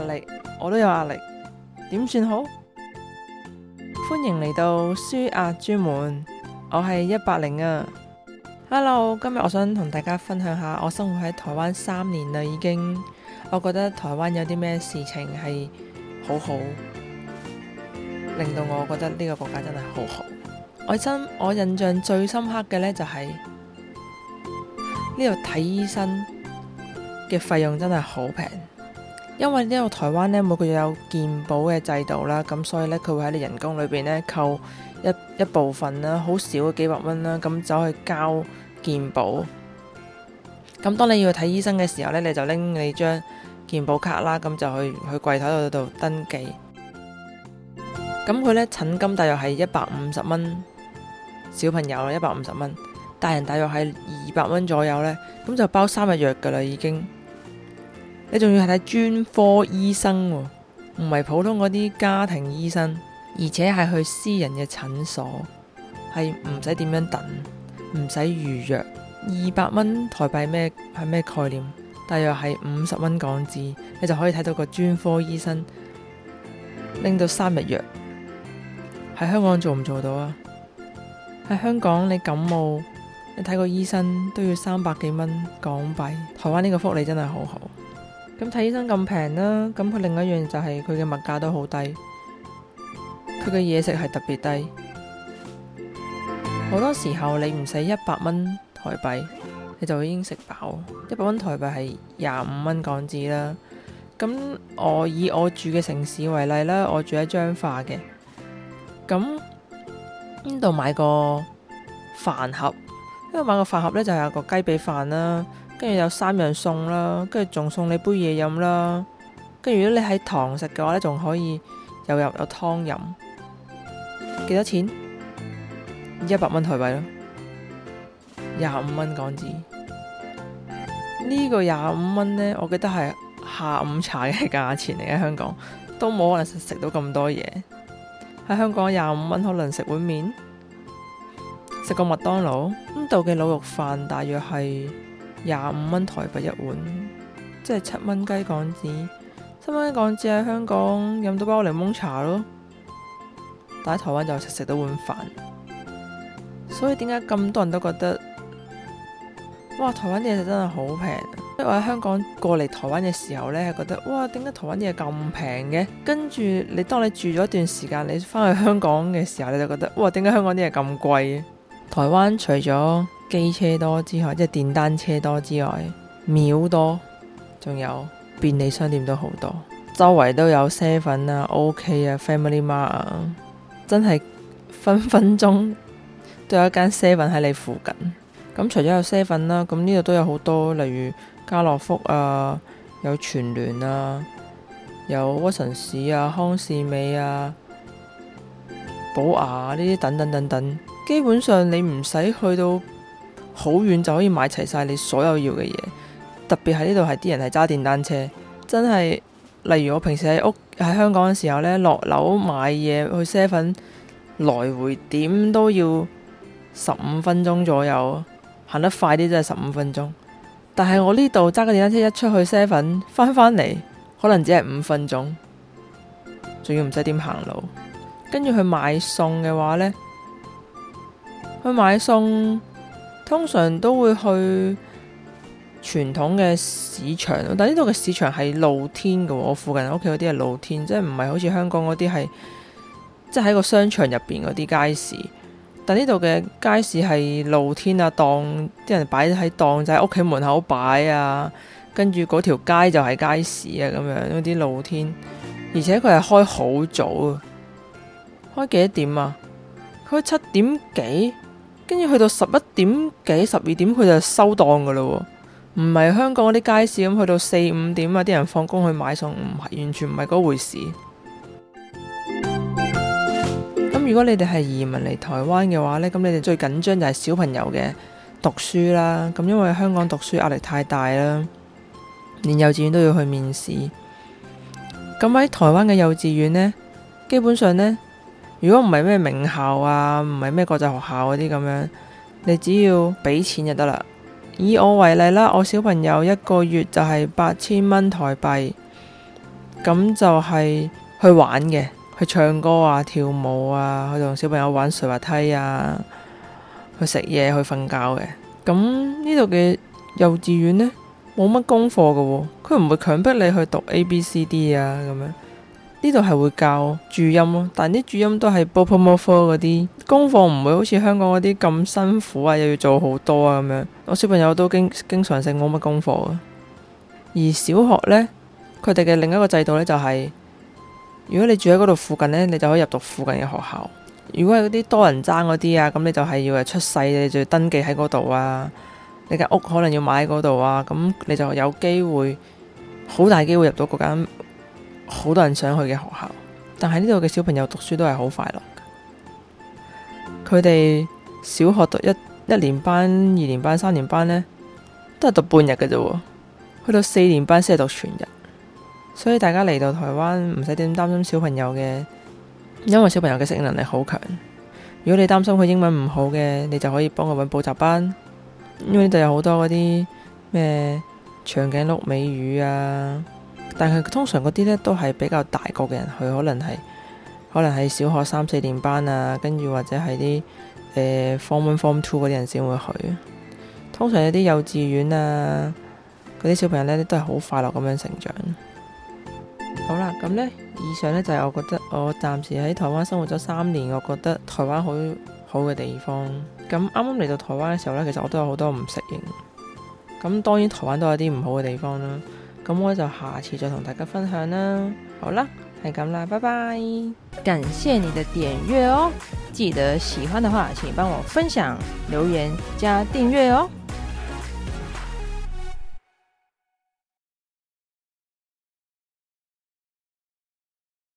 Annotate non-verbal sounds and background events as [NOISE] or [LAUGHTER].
壓力，我都有壓力，點算好？歡迎嚟到舒壓專門，我係一百零啊。Hello，今日我想同大家分享下我生活喺台灣三年啦，已經我覺得台灣有啲咩事情係好好，令到我覺得呢個國家真係好好。我真，我印象最深刻嘅呢、就是，就係呢度睇醫生嘅費用真係好平。因為呢個台灣呢，每個月有健保嘅制度啦，咁所以呢，佢會喺你人工裏邊呢扣一一部分啦，好少嘅幾百蚊啦，咁走去交健保。咁當你要去睇醫生嘅時候呢，你就拎你張健保卡啦，咁就去去櫃枱度度登記。咁佢呢，診金大約係一百五十蚊，小朋友一百五十蚊，大人大約係二百蚊左右呢，咁就包三日藥㗎喇已經。你仲要係睇專科醫生喎，唔係普通嗰啲家庭醫生，而且係去私人嘅診所，係唔使點樣等，唔使預約，二百蚊台幣咩係咩概念？大約係五十蚊港紙，你就可以睇到個專科醫生拎到三日藥。喺香港做唔做到啊？喺香港你感冒，你睇個醫生都要三百幾蚊港幣，台灣呢個福利真係好好。咁睇醫生咁平啦，咁佢另一樣就係佢嘅物價都好低，佢嘅嘢食係特別低。好多時候你唔使一百蚊台幣，你就已經食飽。一百蚊台幣係廿五蚊港紙啦。咁我以我住嘅城市為例啦，我住喺彰化嘅。咁邊度買個飯盒？邊度買個飯盒呢，就有個雞髀飯啦。跟住有三樣餸啦，跟住仲送你杯嘢飲啦。跟住如果你喺堂食嘅話咧，仲可以又有湯飲。幾多錢？一百蚊台幣咯，廿五蚊港紙。呢個廿五蚊呢，我記得係下午茶嘅價錢嚟。喺香港都冇可能食到咁多嘢。喺香港廿五蚊可能食碗麵，食個麥當勞。呢度嘅滷肉飯大約係。廿五蚊台幣一碗，即係七蚊雞港紙，七蚊雞港紙喺香港飲到包檸檬茶咯，但喺台灣就食食到碗飯，所以點解咁多人都覺得，哇，台灣啲嘢食真係好平。因為我喺香港過嚟台灣嘅時候呢，係覺得哇，點解台灣啲嘢咁平嘅？跟住你當你住咗一段時間，你翻去香港嘅時候你就覺得哇，點解香港啲嘢咁貴嘅？台灣除咗機車多之外，即係電單車多之外，廟多，仲有便利商店都好多，周圍都有 seven 啊、OK 啊、Family Mart 啊，真係分分鐘都有一間 seven 喺你附近。咁除咗有 seven 啦、啊，咁呢度都有好多，例如家樂福啊，有全聯啊，有屈臣氏啊、康士美啊、寶雅呢、啊、啲等等等等，基本上你唔使去到，好遠就可以買齊晒你所有要嘅嘢，特別係呢度係啲人係揸電單車，真係例如我平時喺屋喺香港嘅時候呢，落樓買嘢去 seven 來回點都要十五分鐘左右，行得快啲真係十五分鐘。但係我呢度揸個電單車一出去 seven，返返嚟，可能只係五分鐘，仲要唔使點行路。跟住去買餸嘅話呢，去買餸，通常都會去傳統嘅市場，但呢度嘅市場係露天嘅喎。我附近屋企嗰啲係露天，即係唔係好似香港嗰啲係即係喺個商場入邊嗰啲街市。但呢度嘅街市係露天啊，檔啲人擺喺檔就喺屋企門口擺啊，跟住嗰條街就係街市啊，咁樣嗰啲露天。而且佢係開好早啊，開幾多點啊？開七點幾？跟住去到十一點幾、十二點，佢就收檔噶啦，唔係香港嗰啲街市咁，去到四五點啊，啲人放工去買餸，唔係完全唔係嗰回事。咁 [MUSIC] 如果你哋係移民嚟台灣嘅話呢，咁你哋最緊張就係小朋友嘅讀書啦。咁因為香港讀書壓力太大啦，連幼稚園都要去面試。咁喺台灣嘅幼稚園呢，基本上呢。如果唔係咩名校啊，唔係咩國際學校嗰啲咁樣，你只要俾錢就得啦。以我為例啦，我小朋友一個月就係八千蚊台幣，咁就係去玩嘅，去唱歌啊、跳舞啊，去同小朋友玩水滑梯啊，去食嘢、去瞓覺嘅。咁呢度嘅幼稚園呢，冇乜功課㗎，佢唔會強迫你去讀 A、B、C、D 啊咁樣。呢度係會教注音咯，但啲注音都係 bopomofo 嗰啲功課，唔會好似香港嗰啲咁辛苦啊，又要做好多啊咁樣。我小朋友都經經常性冇乜功課嘅。而小學呢，佢哋嘅另一個制度呢，就係、是，如果你住喺嗰度附近呢，你就可以入讀附近嘅學校。如果係嗰啲多人爭嗰啲啊，咁你就係要係出世，你就要登記喺嗰度啊。你間屋可能要買嗰度啊，咁你就有機會，好大機會入到嗰間。好多人想去嘅學校，但係呢度嘅小朋友讀書都係好快樂的。佢哋小學讀一一年班、二年班、三年班呢，都係讀半日嘅啫。去到四年班先係讀全日。所以大家嚟到台灣唔使點擔心小朋友嘅，因為小朋友嘅適應能力好強。如果你擔心佢英文唔好嘅，你就可以幫佢揾補習班。因為呢度有好多嗰啲咩長頸鹿美語啊。但係通常嗰啲呢都係比較大個嘅人去，可能係可能係小學三四年班啊，跟住或者係啲誒 form one、form two 嗰啲人先會去。通常有啲幼稚園啊，嗰啲小朋友呢都係好快樂咁樣成長。好啦，咁呢以上呢就係我覺得我暫時喺台灣生活咗三年，我覺得台灣好好嘅地方。咁啱啱嚟到台灣嘅時候呢，其實我都有好多唔適應。咁當然台灣都有啲唔好嘅地方啦。咁我就下次再同大家分享啦。好啦，係咁啦，拜拜！感謝你的點閱哦，記得喜歡的話，請幫我分享、留言、加訂閱哦。